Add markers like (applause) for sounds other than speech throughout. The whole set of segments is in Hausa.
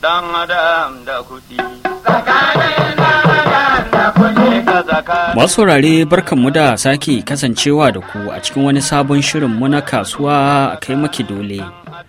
Dan adam da kuɗi. Masu saurare barkanmu da sake kasancewa da ku a cikin wani sabon shirinmu na kasuwa a kai maki dole.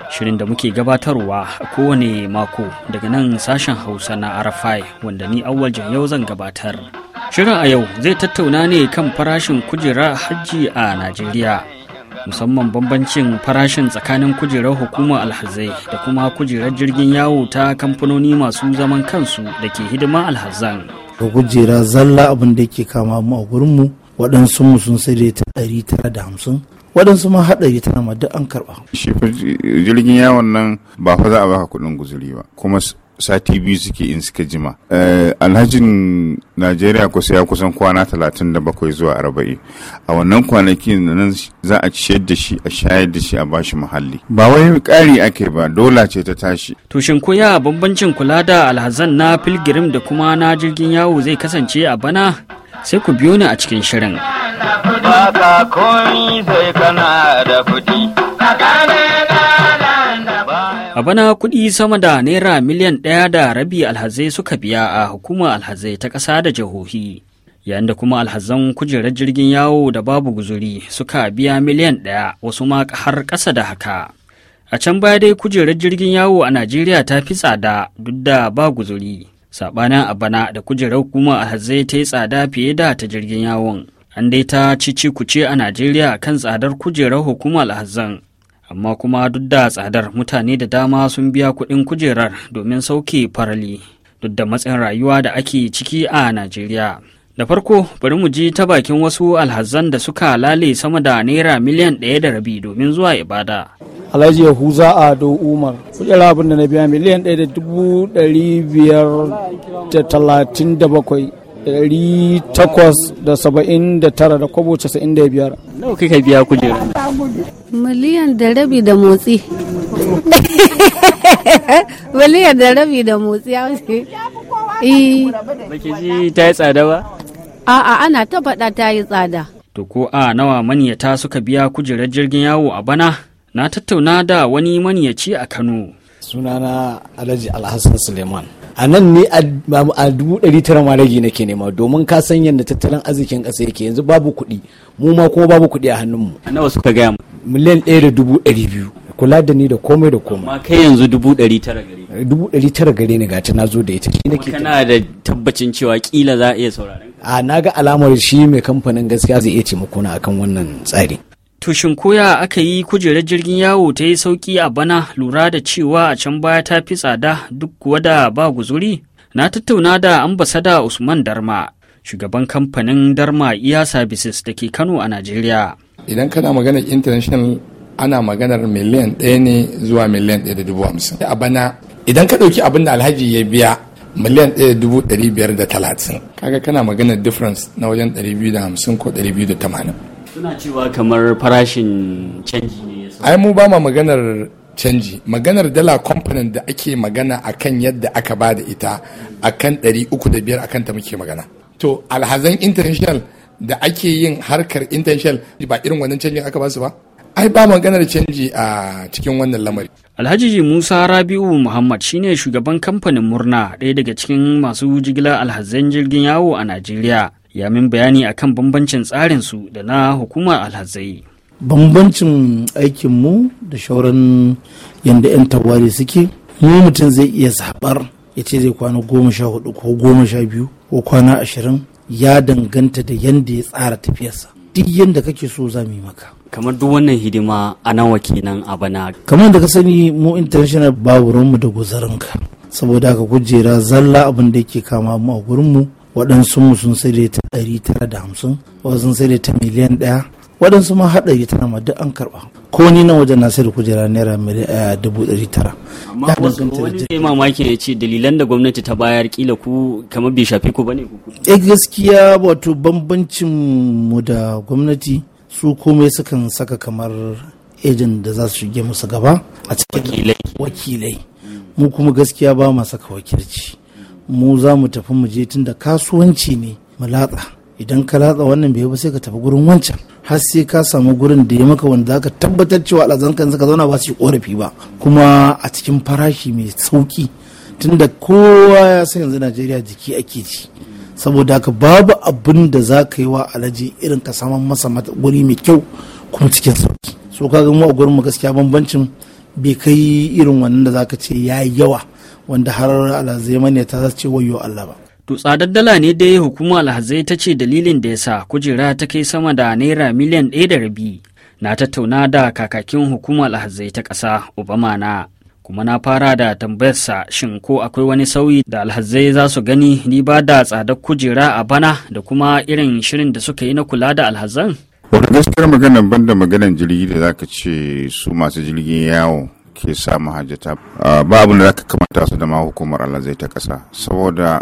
Shirin da muke gabatarwa a kowane mako daga nan sashen Hausa na Arafai wanda ni awwal yau zan gabatar. Shirin a yau zai tattauna ne kan farashin kujera hajji a Najeriya. musamman bambancin farashin tsakanin kujerar hukumar alhazai da kuma kujerar jirgin yawo ta kamfanoni masu zaman kansu da ke hidima alhazan. da kujera zalla abin da ke kama mu a gurinmu waɗansu mu sun sai ta ɗari tara da hamsin waɗansu ma haɗari tara ma duk an karɓa. shi jirgin yawon nan ba fa za a baka kuɗin guzuri ba kuma sati biyu suke in suka jima eh, alhajin najeriya kusa ya kusan kwana talatin da bakwai zuwa arba'in a wannan kwanakin, nan za a ciyar da shi a shayar da shi a bashi muhalli ba wai ƙari ake ba dola ce ta tashi to shin ko ya bambancin kula da alhazan na filgirim da kuma na jirgin yawo zai kasance a bana sai ku biyo ni a cikin shirin. ka komi sai kana da kuɗi. A bana kuɗi sama da naira miliyan ɗaya da rabi alhazai suka biya a hukumar alhazai ta ƙasa da jihohi. Yayin da kuma alhazan kujerar jirgin yawo da babu guzuri suka biya miliyan ɗaya wasu ma har ƙasa da haka. A can baya dai kujerar jirgin yawo a Najeriya ta fi tsada duk da ba guzuri. Saɓanin a bana da kujerar hukumar alhazai ta yi tsada fiye da ta jirgin yawon. An dai ta cici kuce a Najeriya kan tsadar kujerar hukumar alhazan amma kuma duk da tsadar mutane da dama sun biya kuɗin kujerar domin sauke farali duk da matsin rayuwa da ake ciki a najeriya da farko bari mu ji ta bakin wasu alhazan da suka lale sama da naira miliyan ɗaya da rabi domin zuwa ibada alhaji yahuza ado umar kujera abin da na biya miliyan ɗaya da dubu ɗari biyar da talatin da bakwai 879 da kwabo 95 nawa kika biya kujera miliyan da rabi da motsi (laughs) miliyan da rabi da motsi ya wuce eh. baki ji ta yi tsada ba a'a ana ta faɗa ta yi tsada to ko a nawa maniyata suka biya kujerar jirgin yawo a bana na tattauna da wani maniyaci a kano sunana alhaji alhassan suleiman a nan ne a dubu ɗari tara ma rage nake nema domin ka san yadda tattalin arzikin ƙasa yake yanzu babu kuɗi mu ma kuma babu kuɗi a hannunmu a nawa suka gaya miliyan ɗaya da dubu ɗari biyu kula da ni da komai da komai amma kai yanzu dubu ɗari tara gare dubu ɗari tara gare ni gata na zo da ita shi nake kana da tabbacin cewa kila za a iya sauraron a na ga alamar shi mai kamfanin gaskiya zai iya taimako na akan wannan tsari To koya aka yi kujerar jirgin yawo ta yi sauƙi a bana lura da cewa a can baya ta fi tsada duk kuwa da ba guzuri? Na tattauna da ambasada Usman Darma, shugaban kamfanin Darma Iya Services da ke Kano a Najeriya. Idan kana maganar international ana maganar miliyan ɗaya ne zuwa miliyan ɗaya da dubu hamsin. A bana idan ka ɗauki abin da alhaji ya biya miliyan ɗaya da dubu ɗari biyar da talatin kaga kana maganar difference na wajen ɗari biyu da hamsin ko ɗari biyu da tamanin. suna cewa kamar farashin canji ne ai mu ba ma maganar canji maganar dala component da ake magana akan yadda aka ba da ita akan 305 akan ta muke magana to alhazan international da ake yin harkar international ba irin wannan canjin aka ba su ba ai ba maganar canji a cikin wannan lamari. Alhaji Musa Rabi'u Muhammad shine shugaban kamfanin Murna, ɗaya daga cikin masu jigilar alhazan jirgin yawo a Najeriya. ya min bayani kan bambancin tsarinsu da na hukumar alhazai. Bambancin aikinmu da shauran yadda 'yan tawari suke, mu mutum zai iya zaɓar ya ce zai kwana goma sha hudu ko goma sha biyu ko kwana ashirin ya danganta da yadda ya tsara tafiyarsa. Duk yadda kake so za mu yi maka. Kamar duk wannan hidima a nawa kenan a bana. Kamar da ka sani mu international babu mu da guzarinka. Saboda haka kujera zalla abin da yake kama mu a gurinmu waɗansu sun sai da ta ɗari tara da hamsin waɗansu sai da ta miliyan ɗaya waɗansu ma har ɗari tara ma duk an karɓa ko ni na wajen nasir kujera naira eh, dubu ɗari tara. amma wani ne mamakin ya ce dalilan da gwamnati ta bayar kila ku kamar bai shafi ku bane ku. e gaskiya wato bambancin mu da gwamnati su komai sukan saka kamar ejin da za su shige musu gaba a cikin wakilai mu kuma gaskiya ba ma saka wakilci. mu za mu tafi mu je tunda kasuwanci ne mu latsa idan ka latsa wannan bai ba sai ka tafi gurin wancan har sai ka samu gurin da ya maka wanda zaka tabbatar cewa alazankan zaka zauna ba su yi korafi ba kuma a cikin farashi mai sauki tunda kowa ya san yanzu Najeriya jiki ake ji saboda haka babu abin da za ka yi wa alaji irin ka saman masa guri mai kyau kuma cikin sauki so ka ga mu a gurin mu gaskiya bambancin bai kai irin wannan da za ka ce ya yawa wanda har alhazai ne ta ce wayo Allah ba. To tsadar dala ne dai hukuma alhazai ta ce dalilin da ya sa kujera ta kai sama da naira miliyan ɗaya da rabi. Na tattauna da kakakin hukumar alhazai ta ƙasa Obama na. Kuma na fara da tambayarsa shin ko akwai wani sauyi da alhazai za su gani ni ba da tsadar kujera a bana da kuma irin shirin da suka yi na kula da alhazan? wani gaskiyar maganar banda maganan jirgi da zaka ce su masu jirgin yawo ke sa mahajjata ba abin da zaka kamata su da ma hukumar alhazai ta kasa saboda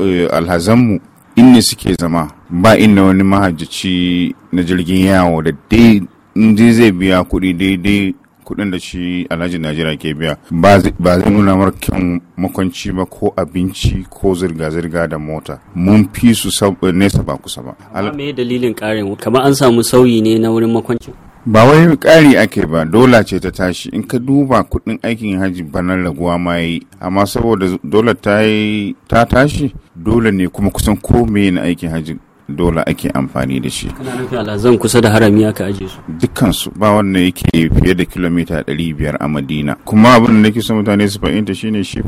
eh, alhazanmu inda suke zama ba inda wani mahajjaci na jirgin yawo da dai in zai biya kuɗi daidai kuɗin da shi alhaji najeriya ke biya ba zai nuna markin kyan makwanci ba ko abinci ko zirga-zirga da mota mun fi su eh, nesa ba kusa ba. me dalilin karin kamar an samu sauyi ne na wurin makwanci. ba wai ƙari ake ba dola ce ta tashi in ka duba kuɗin aikin hajji banar raguwa ma yi amma saboda dola ta tashi dole ne kuma kusan ko na aikin hajji dola ake amfani da shi kana nufin alazan kusa da harami aka aje su dukkansu ba wanda yake fiye da kilomita 500 a madina kuma abin da nake son mutane su fahimta shine shi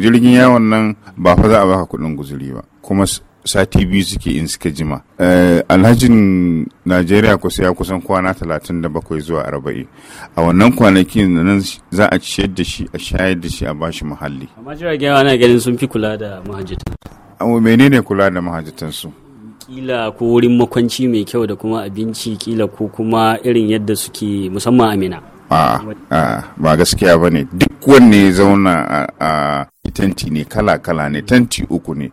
jirgin yawon nan ba fa za a baka kuɗin guzuri ba kuma sati biyu suke in suka jima eh, alhajin najeriya kusa ya kusan kwana talatin da bakwai zuwa arba'in. a wannan kwanaki nan za a ciyar da shi a shayar da shi a bashi muhalli amma jiragen yawa na ganin sun fi kula da mahajjatan amma menene kula da mahajjatan su kila ko wurin makwanci mai kyau da kuma abinci kila ko kuma irin yadda suke musamman amina ba gaskiya ba ne duk wanne ya zauna a tanti ne kala-kala ne tanti uku ne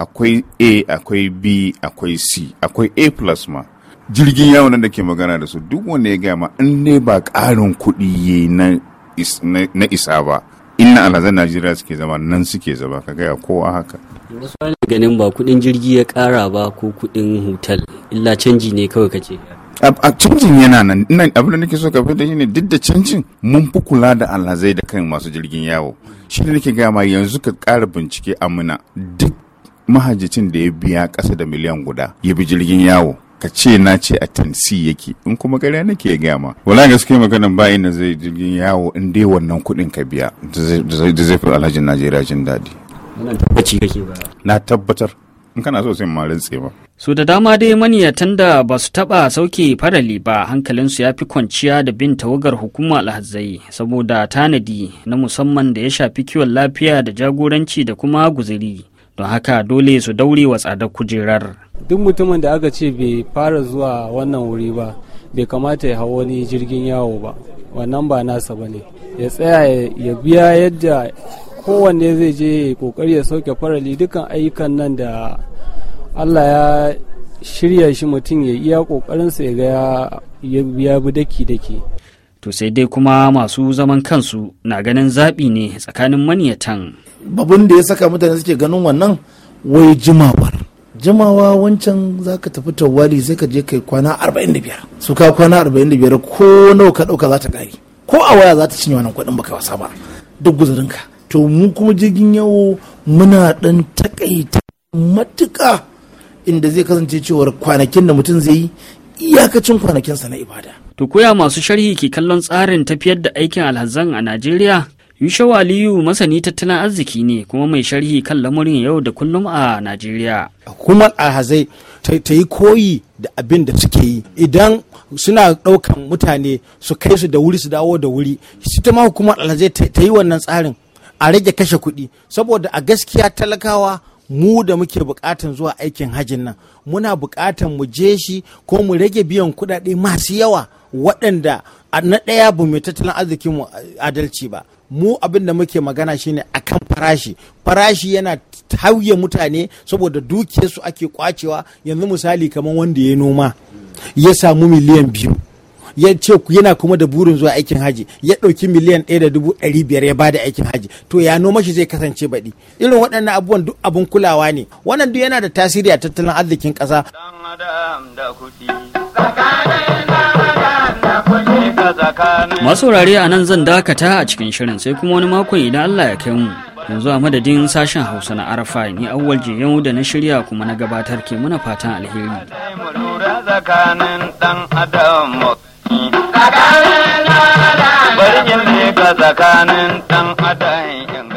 akwai a akwai b akwai c akwai a plus ma jirgin yawon nan da ke magana da su duk wanda ya gaya ma in ne ba ƙarin kuɗi na isa ba ina alhazan najeriya suke zama nan suke zama ka gaya kowa haka wasu wani ganin ba kuɗin jirgi ya ƙara ba ko kuɗin hotel illa canji ne kawai kace a canjin yana nan abin da nake so ka fita shine duk da canjin mun fi kula da alhazai da kan masu jirgin yawo shi ne nake gaya ma yanzu ka ƙara bincike amina duk mahajjacin da ya biya kasa da miliyan guda ya bi jirgin yawo ka ce na ce a tansi yake in kuma ƙarya nake ya ma. wala suke maganin ba ina zai jirgin yawo in dai wannan kuɗin ka biya da zai fi alhajin najeriya jin daɗi na tabbatar in kana so sai ma rintse ba su da dama dai maniyatan da ba su taba sauke farali ba hankalinsu ya fi kwanciya da bin tawagar hukuma alhazai saboda tanadi na musamman da ya shafi kiwon lafiya da jagoranci da kuma guziri don haka dole su daure wa tsadar kujerar duk mutumin da aka ce bai fara zuwa wannan wuri ba bai kamata ya hau wani jirgin yawo ba wannan ba nasa ba ne ya tsaya ya biya yadda kowanne zai je kokari ya sauke farali dukan ayyukan nan da allah ya shirya shi mutum ya iya kokarinsa ya ga ya bi daki daki to sai dai kuma masu zaman kansu na ganin zaɓi ne tsakanin maniyatan. babun da ya saka mutane suke ganin wannan wai jimawar jimawa wancan za ka tafi tawali sai ka je kai kwana 45 su ka kwana 45 ko nawa ka ɗauka za ta gari ko a waya za ta cinye wannan kuɗin baka wasa ba duk guzurinka to mu kuma jirgin yawo muna dan takaita Matuka, inda zai kasance cewar kwanakin da mutum zai yi iyakacin kwanakinsa na ibada To koya masu sharhi ke kallon tsarin tafiyar da aikin alhazan a Najeriya? Yushau Aliyu masani tattalin arziki ne kuma mai sharhi kan lamurin yau da kullum a Najeriya. Hukumar alhazai ta yi koyi da abin da suke yi idan suna ɗaukan mutane su kai su da wuri su dawo da wuri. Sita ma hukumar alhazai ta yi wannan tsarin a rage kashe kuɗi saboda a gaskiya talakawa mu da muke bukatan zuwa aikin hajin nan muna bukatan mu je shi ko mu rage biyan kuɗaɗe masu yawa waɗanda na ɗaya ba mai tattalin arzikin adalci ba mu abin da muke magana shine akan farashi farashi yana tauye mutane saboda dukiyarsu ake kwacewa yanzu misali kamar wanda ya noma ya samu miliyan biyu ya ce yana kuma da burin zuwa aikin haji ya ɗauki miliyan ɗaya da dubu ɗari biyar ya bada aikin haji to ya noma shi zai kasance baɗi irin waɗannan abubuwan duk abin kulawa ne wannan duk yana da tasiri a tattalin arzikin ƙasa. masu wurare a nan zan dakata a cikin shirin sai kuma wani makon idan Allah ya kai mu yanzu a madadin sashen hausa na arafa ni awwal yau da na shirya kuma na gabatar ke muna fatan alheri tsakanin dan adam